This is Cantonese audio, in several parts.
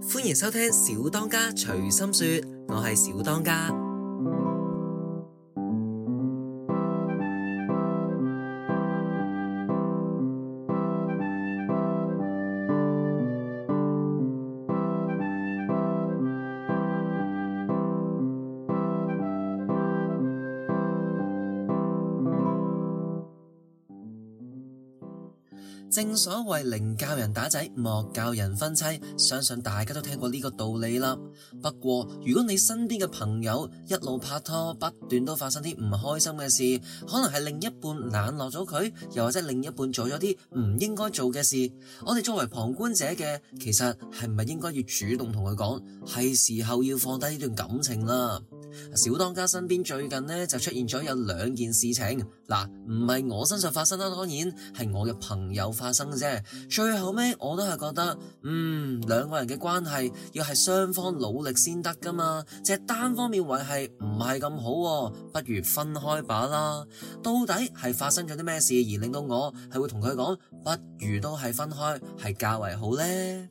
歡迎收聽小當家隨心說，我係小當家。正所謂寧教人打仔，莫教人分妻，相信大家都聽過呢個道理啦。不過，如果你身邊嘅朋友一路拍拖，不斷都發生啲唔開心嘅事，可能係另一半冷落咗佢，又或者另一半做咗啲唔應該做嘅事，我哋作為旁觀者嘅，其實係唔係應該要主動同佢講，係時候要放低呢段感情啦。小當家身邊最近呢，就出現咗有兩件事情，嗱唔係我身上發生啦，當然係我嘅朋友發生啫。最後尾我都係覺得，嗯，兩個人嘅關係要係雙方努力先得㗎嘛，只單方面維繫唔係咁好啊，不如分開把啦。到底係發生咗啲咩事而令到我係會同佢講，不如都係分開係較為好咧？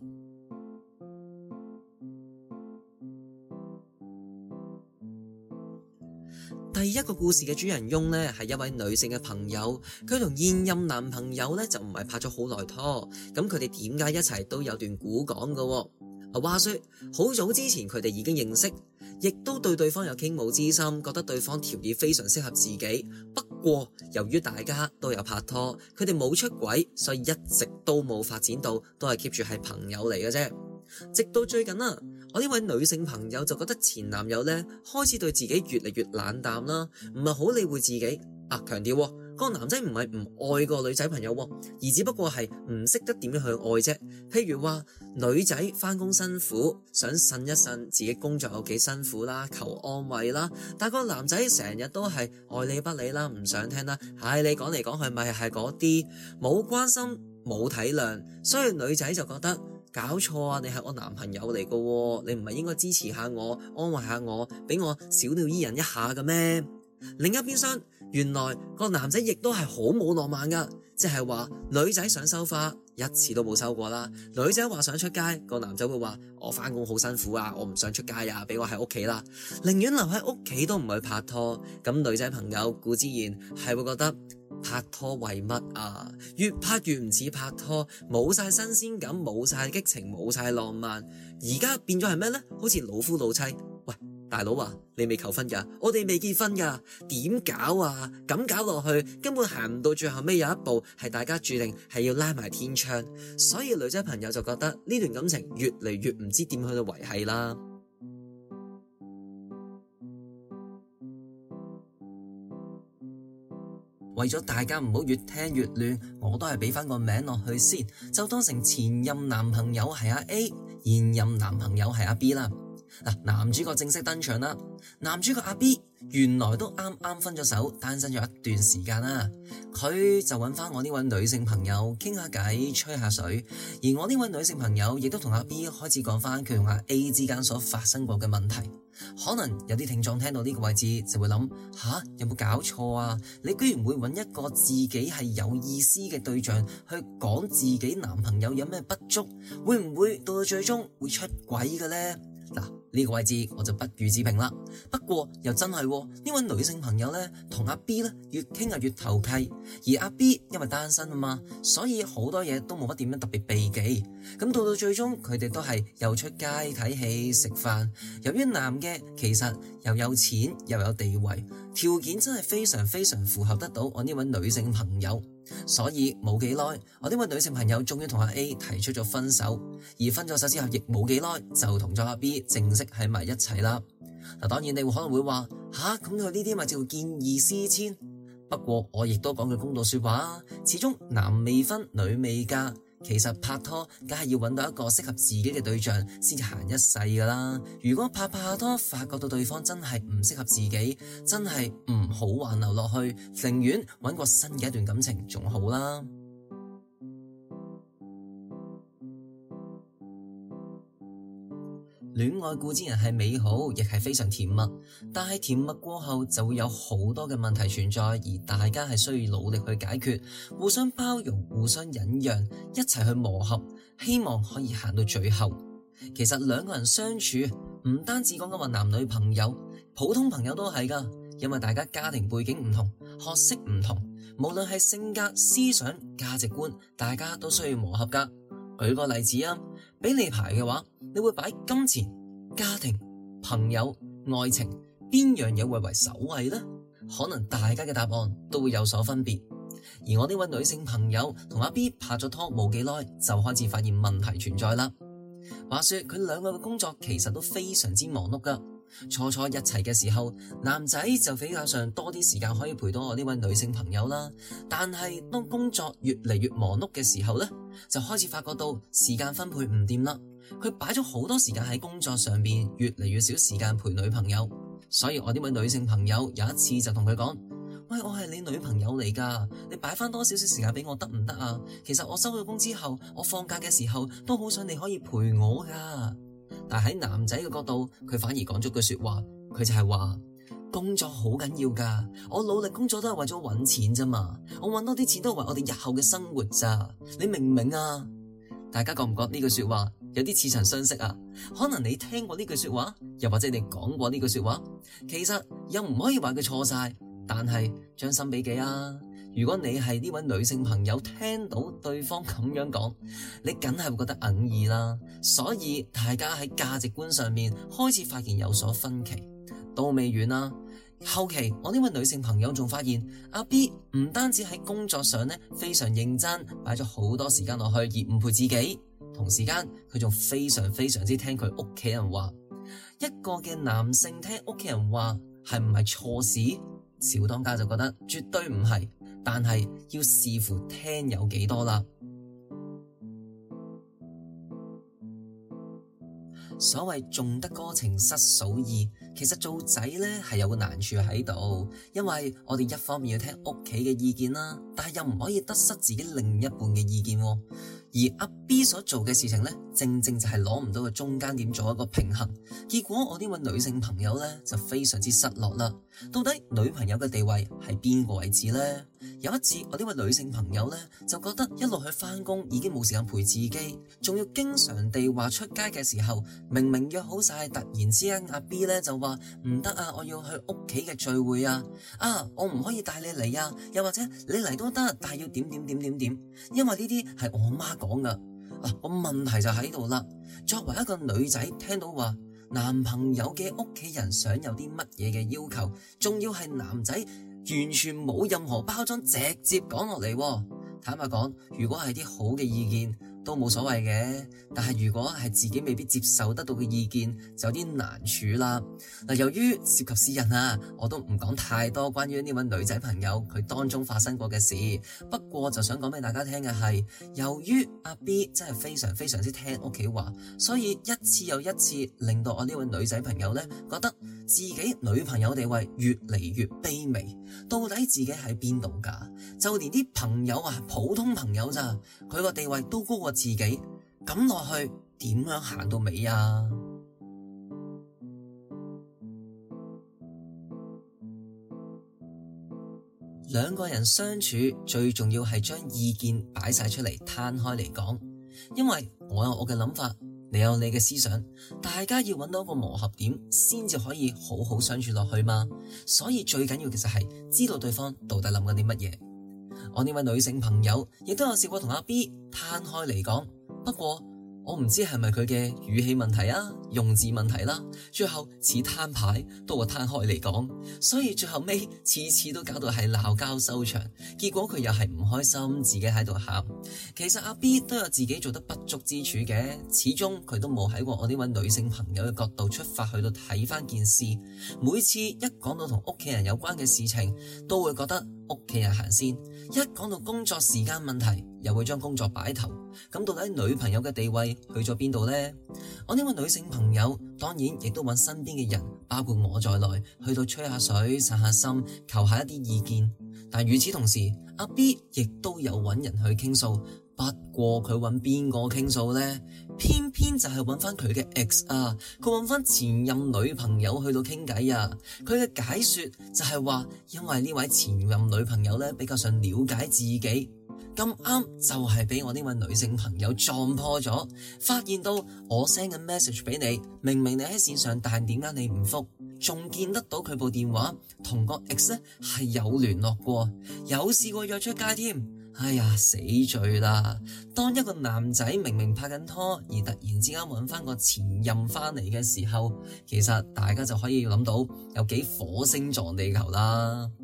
第一個故事嘅主人翁呢，係一位女性嘅朋友，佢同現任男朋友呢，就唔係拍咗好耐拖，咁佢哋點解一齊都有段古講㗎？阿話說好早之前佢哋已經認識，亦都對對方有傾慕之心，覺得對方條件非常適合自己。不過由於大家都有拍拖，佢哋冇出軌，所以一直都冇發展到，都係 keep 住係朋友嚟嘅啫。直到最近啦。我呢位女性朋友就覺得前男友呢開始對自己越嚟越冷淡啦，唔係好理會自己。啊，強調、喎個男仔唔係唔愛個女仔朋友、喎，而只不過係唔識得點樣去愛啫。譬如話女仔返工辛苦，想呻一呻自己工作有幾辛苦啦，求安慰啦。但個男仔成日都係愛理不理啦，唔想聽啦。唉、哎，你講嚟講去咪係嗰啲冇關心冇體諒，所以女仔就覺得。搞錯啊！你係我男朋友嚟噶喎，你唔係應該支持下我、安慰下我、俾我小鳥依人一下嘅咩？另一邊廂，原來個男仔亦都係好冇浪漫噶，即係話女仔想收花一次都冇收過啦。女仔話想出街，個男仔會話我翻工好辛苦啊，我唔想出街啊，俾我喺屋企啦，寧願留喺屋企都唔去拍拖。咁女仔朋友固之然係會覺得。拍拖為乜啊？越拍越唔似拍拖，冇晒新鮮感，冇晒激情，冇晒浪漫。而家變咗係咩呢？好似老夫老妻。喂，大佬啊，你未求婚噶，我哋未結婚噶，點搞啊？咁搞落去根本行唔到最後尾有一步，係大家注定係要拉埋天窗，所以女仔朋友就覺得呢段感情越嚟越唔知點去到維繫啦。為咗大家唔好越聽越亂，我都係俾翻個名落去先，就當成前任男朋友係阿 A，現任男朋友係阿 B 啦。男主角正式登場啦。男主角阿 B 原來都啱啱分咗手，單身咗一段時間啦。佢就揾翻我呢位女性朋友傾下偈，吹下水。而我呢位女性朋友亦都同阿 B 開始講翻佢同阿 A 之間所發生過嘅問題。可能有啲聽眾聽到呢個位置就會諗吓，有冇搞錯啊？你居然會揾一個自己係有意思嘅對象去講自己男朋友有咩不足，會唔會到最終會出軌嘅呢？嗱，呢個位置我就不予置評啦。不過又真係喎，呢位女性朋友呢，同阿 B 呢越傾啊越投契。而阿 B 因為單身啊嘛，所以好多嘢都冇乜點樣特別避忌。咁到到最終，佢哋都係又出街睇戲食飯。由於男嘅其實又有錢又有地位，條件真係非常非常符合得到我呢位女性朋友。所以冇幾耐，我呢位女性朋友終於同阿 A 提出咗分手，而分咗手之後，亦冇幾耐就同咗阿 B 正式喺埋一齊啦。嗱，當然你可能會話吓，咁佢呢啲咪叫做見異思遷？不過我亦都講句公道說話，始終男未婚女未嫁。其實拍拖，梗係要揾到一個適合自己嘅對象先行一世㗎啦。如果拍拍下拖，發覺到對方真係唔適合自己，真係唔好挽留落去，寧願揾個新嘅一段感情仲好啦。戀愛固然係美好，亦係非常甜蜜。但係甜蜜過後就會有好多嘅問題存在，而大家係需要努力去解決，互相包容，互相忍讓，一齊去磨合，希望可以行到最後。其實兩個人相處唔單止講緊話男女朋友，普通朋友都係㗎，因為大家家庭背景唔同，學識唔同，無論係性格、思想、價值觀，大家都需要磨合㗎。舉個例子啊。畀你排嘅話，你會擺金錢、家庭、朋友、愛情邊樣嘢會為首位呢？可能大家嘅答案都會有所分別。而我呢位女性朋友同阿 B 拍咗拖冇幾耐，就開始發現問題存在啦。話說佢兩個嘅工作其實都非常之忙碌㗎。初初一齊嘅時候，男仔就比較上多啲時間可以陪到我呢位女性朋友啦。但係當工作越嚟越忙碌嘅時候呢，就開始發覺到時間分配唔掂啦。佢擺咗好多時間喺工作上面，越嚟越少時間陪女朋友。所以我呢位女性朋友有一次就同佢講：「喂，我係你女朋友嚟噶，你擺翻多少少時間俾我得唔得啊？其實我收咗工之後，我放假嘅時候都好想你可以陪我噶。但喺男仔嘅角度，佢反而講咗句說話，佢就係話工作好緊要㗎。我努力工作都係為咗搵錢啫嘛，我搵多啲錢都係為我哋日後嘅生活咋。你明唔明啊？大家覺唔覺呢句說話有啲似曾相識啊？可能你聽過呢句說話，又或者你講過呢句說話，其實又唔可以話佢錯晒，但係將心比己啊。如果你係呢位女性朋友，聽到對方咁樣講，你梗係會覺得噏意啦。所以大家喺價值觀上面開始發現有所分歧，都未遠啦、啊。後期我呢位女性朋友仲發現，阿 B 唔單止喺工作上呢，非常認真，擺咗好多時間落去，而唔陪自己。同時間佢仲非常非常之聽佢屋企人話。一個嘅男性聽屋企人話係唔係錯事？小當家就覺得絕對唔係。但係要視乎聽有幾多啦。所謂仲得歌情失嫂意，其實做仔呢係有個難處喺度，因為我哋一方面要聽屋企嘅意見啦，但係又唔可以得失自己另一半嘅意見、啊，而噏。B 所做嘅事情呢，正正就係攞唔到個中間點做一個平衡，結果我呢位女性朋友呢，就非常之失落啦。到底女朋友嘅地位係邊個位置呢？有一次我呢位女性朋友呢，就覺得一路去翻工，已經冇時間陪自己，仲要經常地話出街嘅時候，明明約好晒，突然之間阿 B 呢就話唔得啊，我要去屋企嘅聚會啊，啊，我唔可以帶你嚟啊，又或者你嚟都得，但係要點點點點點，因為呢啲係我媽講㗎。啊、我問題就喺度啦。作為一個女仔，聽到話男朋友嘅屋企人想有啲乜嘢嘅要求，仲要係男仔完全冇任何包裝，直接講落嚟。坦白講，如果係啲好嘅意見。都冇所謂嘅，但係如果係自己未必接受得到嘅意見，就有啲難處啦。嗱，由於涉及私隱啊，我都唔講太多關於呢位女仔朋友佢當中發生過嘅事。不過就想講俾大家聽嘅係，由於阿 B 真係非常非常之聽屋企話，所以一次又一次令到我呢位女仔朋友呢，覺得自己女朋友地位越嚟越卑微。到底自己喺邊度㗎？就連啲朋友啊，普通朋友咋，佢個地位都高過。自己咁落去，點樣行到尾呀、啊？兩個人相處最重要係將意見擺晒出嚟，攤開嚟講，因為我有我嘅諗法，你有你嘅思想，大家要揾到一個磨合點，先至可以好好相處落去嘛。所以最緊要其實係知道對方到底諗緊啲乜嘢。我呢位女性朋友亦都有試過同阿 B 攤開嚟講，不過我唔知係咪佢嘅語氣問題啊，用字問題啦、啊。最後似攤牌多過攤開嚟講，所以最後尾次次都搞到係鬧交收場。結果佢又係唔開心，自己喺度喊。其實阿 B 都有自己做得不足之處嘅，始終佢都冇喺過我呢位女性朋友嘅角度出發去到睇翻件事。每次一講到同屋企人有關嘅事情，都會覺得。屋企人行先，一講到工作時間問題，又會將工作擺頭。咁到底女朋友嘅地位去咗邊度呢？我呢位女性朋友當然亦都揾身邊嘅人，包括我在內，去到吹下水、散下心、求下一啲意見。但係與此同時，阿 B 亦都有揾人去傾訴。不過佢揾邊個傾訴呢？偏偏就係揾翻佢嘅 ex 啊，佢揾翻前任女朋友去到傾偈啊，佢嘅解說就係話，因為呢位前任女朋友咧比較想了解自己，咁啱就係俾我呢位女性朋友撞破咗，發現到我 send 嘅 message 俾你，明明你喺線上，但係點解你唔複？仲見得到佢部電話同個 ex 咧係有聯絡過，有試過約出街添。哎呀，死罪啦！當一個男仔明明拍緊拖，而突然之間揾返個前任返嚟嘅時候，其實大家就可以諗到有幾火星撞地球啦～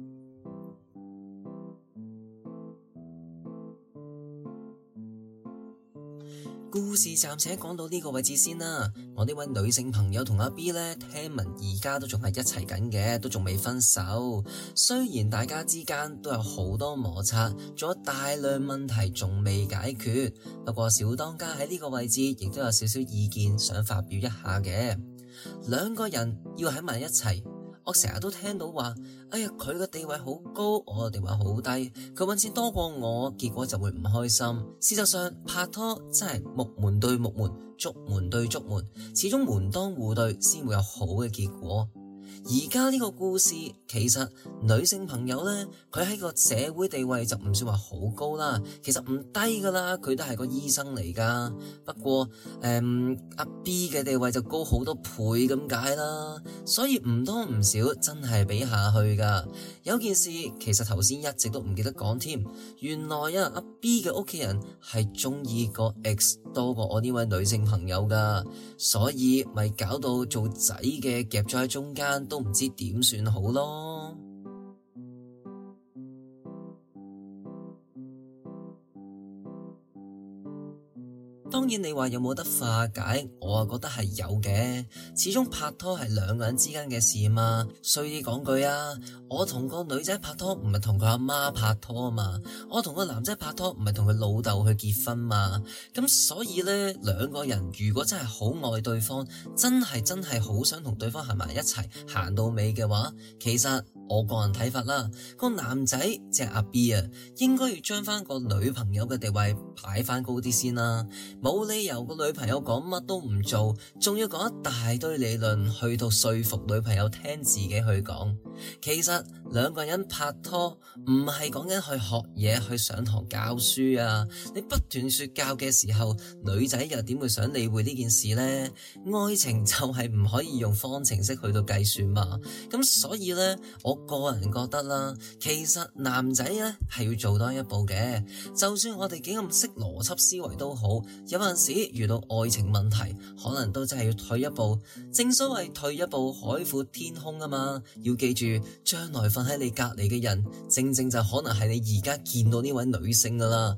故事暫且講到呢個位置先啦。我呢位女性朋友同阿 B 呢，聽聞而家都仲係一齊緊嘅，都仲未分手。雖然大家之間都有好多摩擦，仲有大量問題仲未解決。不過小當家喺呢個位置亦都有少少意見想發表一下嘅。兩個人要喺埋一齊。我成日都聽到話，哎呀，佢嘅地位好高，我嘅地位好低，佢揾錢多過我，結果就會唔開心。事實上，拍拖真係木門對木門，竹門對竹門，始終門當戶對先會有好嘅結果。而家呢個故事其實女性朋友呢，佢喺個社會地位就唔算話好高啦，其實唔低噶啦，佢都係個醫生嚟噶。不過誒、嗯，阿 B 嘅地位就高好多倍咁解啦，所以唔多唔少真係比下去噶。有件事其實頭先一直都唔記得講添，原來啊，阿 B 嘅屋企人係中意個 X 多過我呢位女性朋友噶，所以咪搞到做仔嘅夾咗喺中間。都唔知點算好咯～當然你話有冇得化解，我啊覺得係有嘅。始終拍拖係兩個人之間嘅事嘛，所以講句啊，我同個女仔拍拖唔係同佢阿媽拍拖啊嘛，我同個男仔拍拖唔係同佢老豆去結婚嘛。咁所以呢，兩個人如果真係好愛對方，真係真係好想同對方行埋一齊行到尾嘅話，其實我個人睇法啦，個男仔即係阿 B 啊，應該要將翻個女朋友嘅地位擺翻高啲先啦。冇理由個女朋友講乜都唔做，仲要講一大堆理論去到說服女朋友聽自己去講。其實兩個人拍拖唔係講緊去學嘢去上堂教書啊！你不斷說教嘅時候，女仔又點會想理會呢件事呢？愛情就係唔可以用方程式去到計算嘛。咁所以呢，我個人覺得啦，其實男仔呢係要做多一步嘅，就算我哋幾咁識邏輯思維都好。有陣時遇到愛情問題，可能都真係要退一步。正所謂退一步海闊天空啊嘛！要記住，將來瞓喺你隔籬嘅人，正正就可能係你而家見到呢位女性㗎喇。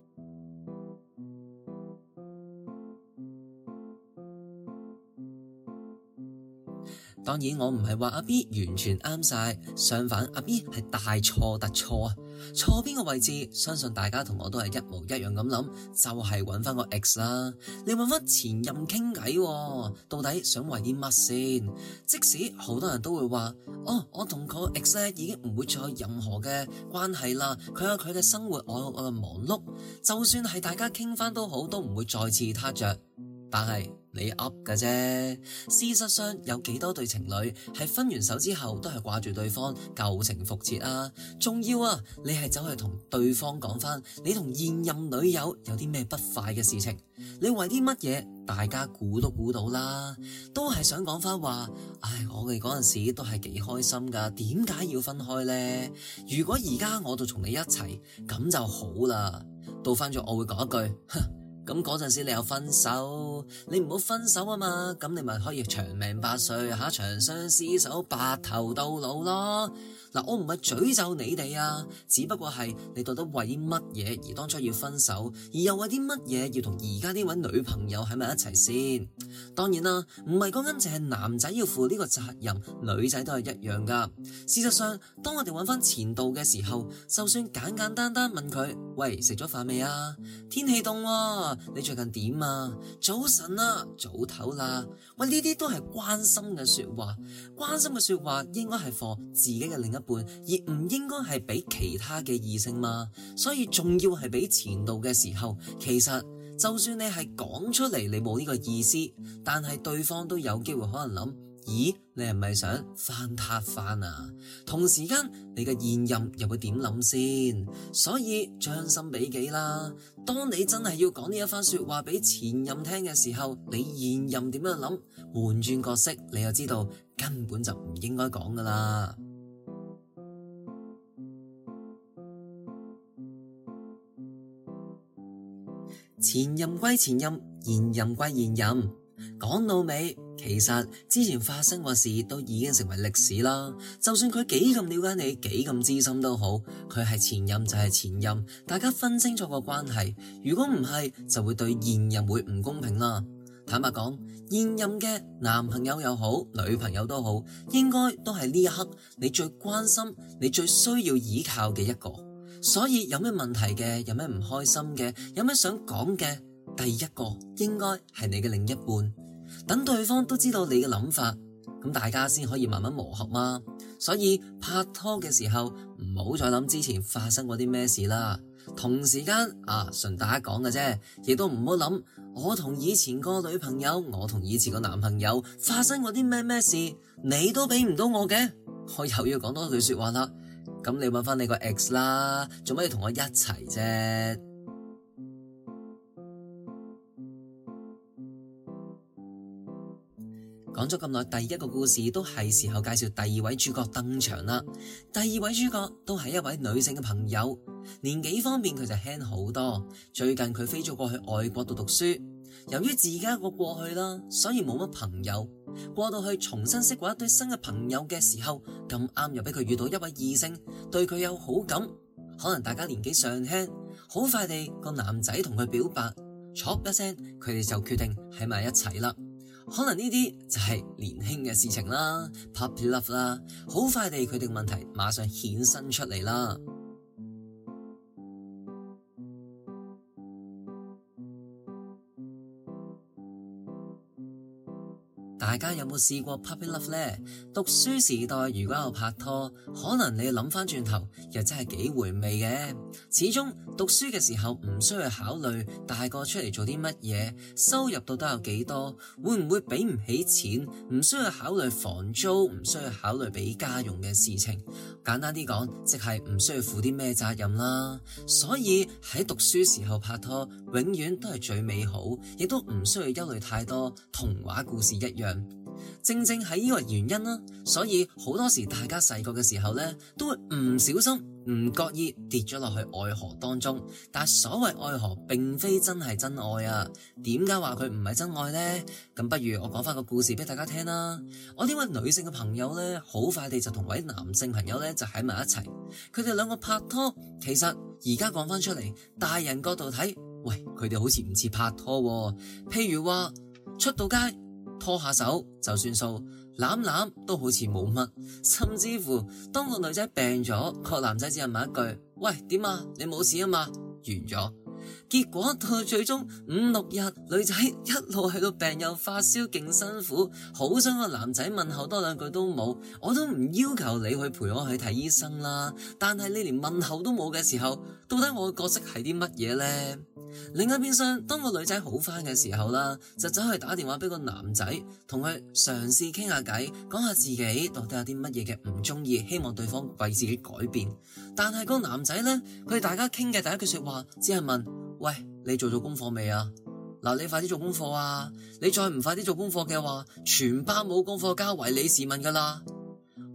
當然，我唔係話阿 B 完全啱晒，相反，阿 B 係大錯特錯。坐邊個位置，相信大家同我都係一模一樣咁諗，就係揾翻個 X 啦。你揾翻前任傾偈、啊，到底想為啲乜先？即使好多人都會話，哦，我同個 X 呢已經唔會再有任何嘅關係啦，佢有佢嘅生活，我有我嘅忙碌。就算係大家傾翻都好，都唔會再次撻着。但係。你噏㗎啫，事實上有幾多對情侶係分完手之後都係掛住對方舊情復熾啊！仲要啊，你係走去同對，對方講翻你同現任女友有啲咩不快嘅事情，你為啲乜嘢？大家估都估到啦，都係想講翻話，唉，我哋嗰陣時都係幾開心噶，點解要分開呢？如果而家我就同你一齊，咁就好啦。到翻咗我會講一句，哼。咁嗰陣時你又分手，你唔好分手啊嘛，咁你咪可以長命百歲嚇，長相廝守白頭到老咯。嗱，我唔係詛咒你哋啊，只不過係你到底為啲乜嘢而當初要分手，而又為啲乜嘢要同而家呢位女朋友喺埋一齊先？當然啦，唔係講緊淨係男仔要負呢個責任，女仔都係一樣噶。事實上，當我哋揾翻前度嘅時候，就算簡簡單單單問佢：喂，食咗飯未啊？天氣凍啊，你最近點啊？早晨啊，早唞啦啊。喂，呢啲都係關心嘅說話，關心嘅說話應該係放自己嘅另一。而唔應該係俾其他嘅異性嘛，所以仲要係俾前度嘅時候。其實就算你係講出嚟，你冇呢個意思，但係對方都有機會可能諗：咦，你係咪想翻撻返啊？同時間你嘅現任又會點諗先？所以將心比己啦。當你真係要講呢一番說話俾前任聽嘅時候，你現任點樣諗？換轉角色，你又知道根本就唔應該講㗎啦。前任歸前任，現任歸現任。講到尾，其實之前發生過事都已經成為歷史啦。就算佢幾咁了解你，幾咁知心都好，佢係前任就係前任，大家分清楚個關係。如果唔係，就會對現任會唔公平啦。坦白講，現任嘅男朋友又好，女朋友都好，應該都係呢一刻你最關心、你最需要依靠嘅一個。所以有咩問題嘅，有咩唔開心嘅，有咩想講嘅，第一個應該係你嘅另一半，等對方都知道你嘅諗法，咁大家先可以慢慢磨合嘛。所以拍拖嘅時候唔好再諗之前發生過啲咩事啦。同時間啊，順帶講嘅啫，亦都唔好諗我同以前個女朋友，我同以前個男朋友發生過啲咩咩事，你都俾唔到我嘅，我又要講多一句說話啦。咁你揾翻你個 ex 啦，做乜要同我一齊啫？講咗咁耐，第一個故事都係時候介紹第二位主角登場啦。第二位主角都係一位女性嘅朋友，年紀方面佢就輕好多。最近佢飛咗過去外國度讀書，由於自己一個過去啦，所以冇乜朋友。過到去重新識過一對新嘅朋友嘅時候，咁啱又俾佢遇到一位異性，對佢有好感。可能大家年紀尚輕，好快地個男仔同佢表白戳 一聲，佢哋就決定喺埋一齊啦。可能呢啲就係年輕嘅事情啦 ，puppy love 啦，好快地佢哋嘅問題馬上衍生出嚟啦。大家有冇試過 puppy love 咧？讀書時代如果有拍拖，可能你諗翻轉頭又真係幾回味嘅。始終讀書嘅時候唔需要考慮大個出嚟做啲乜嘢，收入到底有幾多，會唔會俾唔起錢？唔需要考慮房租，唔需要考慮俾家用嘅事情。簡單啲講，即係唔需要負啲咩責任啦。所以喺讀書時候拍拖，永遠都係最美好，亦都唔需要憂慮太多。童話故事一樣。正正喺呢個原因啦，所以好多時大家細個嘅時候呢，都會唔小心唔覺意跌咗落去愛河當中。但所謂愛河，並非真係真愛啊。點解話佢唔係真愛呢？咁不如我講翻個故事俾大家聽啦。我呢位女性嘅朋友呢，好快地就同位男性朋友呢就，就喺埋一齊，佢哋兩個拍拖。其實而家講翻出嚟，大人角度睇，喂，佢哋好似唔似拍拖喎。譬如話出到街。拖下手就算數，攬攬都好似冇乜，甚至乎當個女仔病咗，個男仔只係問一句：喂，點啊？你冇事啊嘛？完咗。結果到最終五六日，女仔一路喺度病，又發燒，勁辛苦，好想個男仔問候多兩句都冇。我都唔要求你去陪我去睇醫生啦，但係你連問候都冇嘅時候，到底我嘅角色係啲乜嘢呢？另一邊廂，當個女仔好翻嘅時候啦，就走去打電話俾個男仔，同佢嘗試傾下偈，講下自己到底有啲乜嘢嘅唔中意，希望對方為自己改變。但係個男仔咧，佢哋大家傾嘅第一句說話，只係問：喂，你做咗功課未啊？嗱，你快啲做功課啊！你再唔快啲做功課嘅話，全班冇功課交，為你是問噶啦！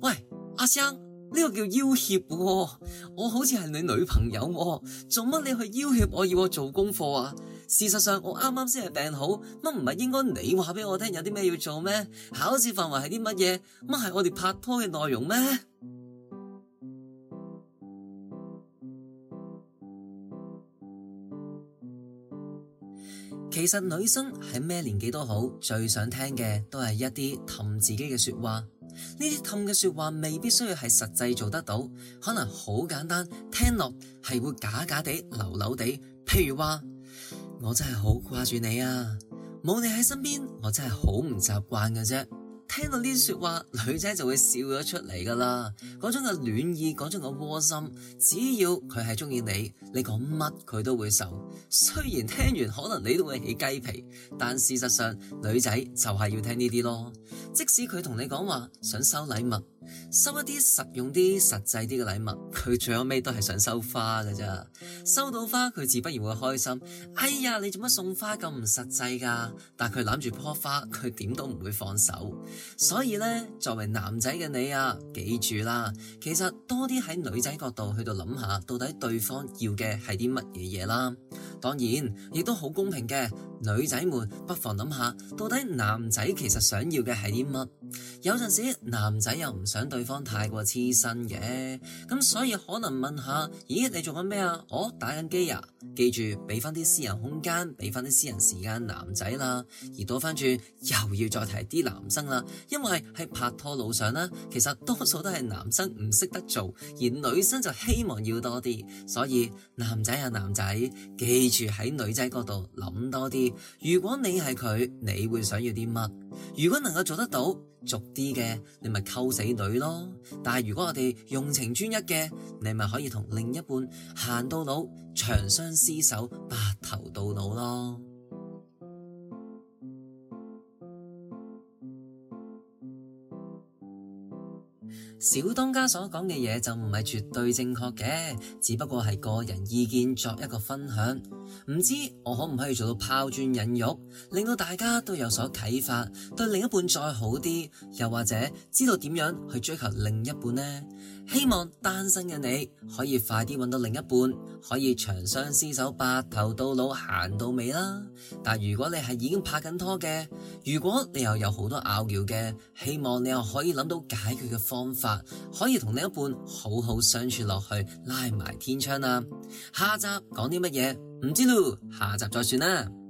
喂，阿生。呢個叫要挾喎，我好似係你女朋友喎，做乜你去要挾我要我做功課啊？事實上，我啱啱先係病好，乜唔係應該你話畀我聽有啲咩要做咩？考試範圍係啲乜嘢？乜係我哋拍拖嘅內容咩？其實女生喺咩年紀都好，最想聽嘅都係一啲氹自己嘅說話。呢啲氹嘅說話未必需要係實際做得到，可能好簡單，聽落係會假假地、流流地。譬如話，我真係好掛住你啊，冇你喺身邊，我真係好唔習慣㗎啫。聽到呢啲說話，女仔就會笑咗出嚟㗎喇，嗰種嘅暖意，嗰種嘅窩心。只要佢係中意你，你講乜佢都會受。雖然聽完可能你都會起雞皮，但事實上女仔就係要聽呢啲咯。即使佢同你講話想收禮物。收一啲實用啲、實際啲嘅禮物，佢最後尾都係想收花嘅啫。收到花，佢自不然會開心。哎呀，你做乜送花咁唔實際噶？但佢攬住棵花，佢點都唔會放手。所以呢，作為男仔嘅你啊，記住啦，其實多啲喺女仔角度去到諗下，到底對方要嘅係啲乜嘢嘢啦。當然，亦都好公平嘅，女仔們不妨諗下，到底男仔其實想要嘅係啲乜？有陣時男仔又唔。想對方太過黐身嘅，咁所以可能問下，咦，你做緊咩啊？哦，打緊機啊！記住俾翻啲私人空間，俾翻啲私人時間男仔啦。而倒翻轉，又要再提啲男生啦，因為喺拍拖路上啦，其實多數都係男生唔識得做，而女生就希望要多啲。所以男仔啊，男仔，啊，記住喺女仔嗰度諗多啲。如果你係佢，你會想要啲乜？如果能夠做得到，俗啲嘅，你咪溝死女。但係如果我哋用情專一嘅，你咪可以同另一半行到老，長相廝守，白頭到老咯。小當家所講嘅嘢就唔係絕對正確嘅，只不過係個人意見作一個分享。唔知我可唔可以做到拋磚引玉，令到大家都有所啟發，對另一半再好啲，又或者知道點樣去追求另一半呢？希望單身嘅你可以快啲搵到另一半，可以長相廝守，白頭到老，行到尾啦。但如果你係已經拍緊拖嘅，如果你又有好多拗撬嘅，希望你又可以諗到解決嘅方法。可以同另一半好好相處落去，拉埋天窗啦。下集講啲乜嘢？唔知咯，下集再算啦。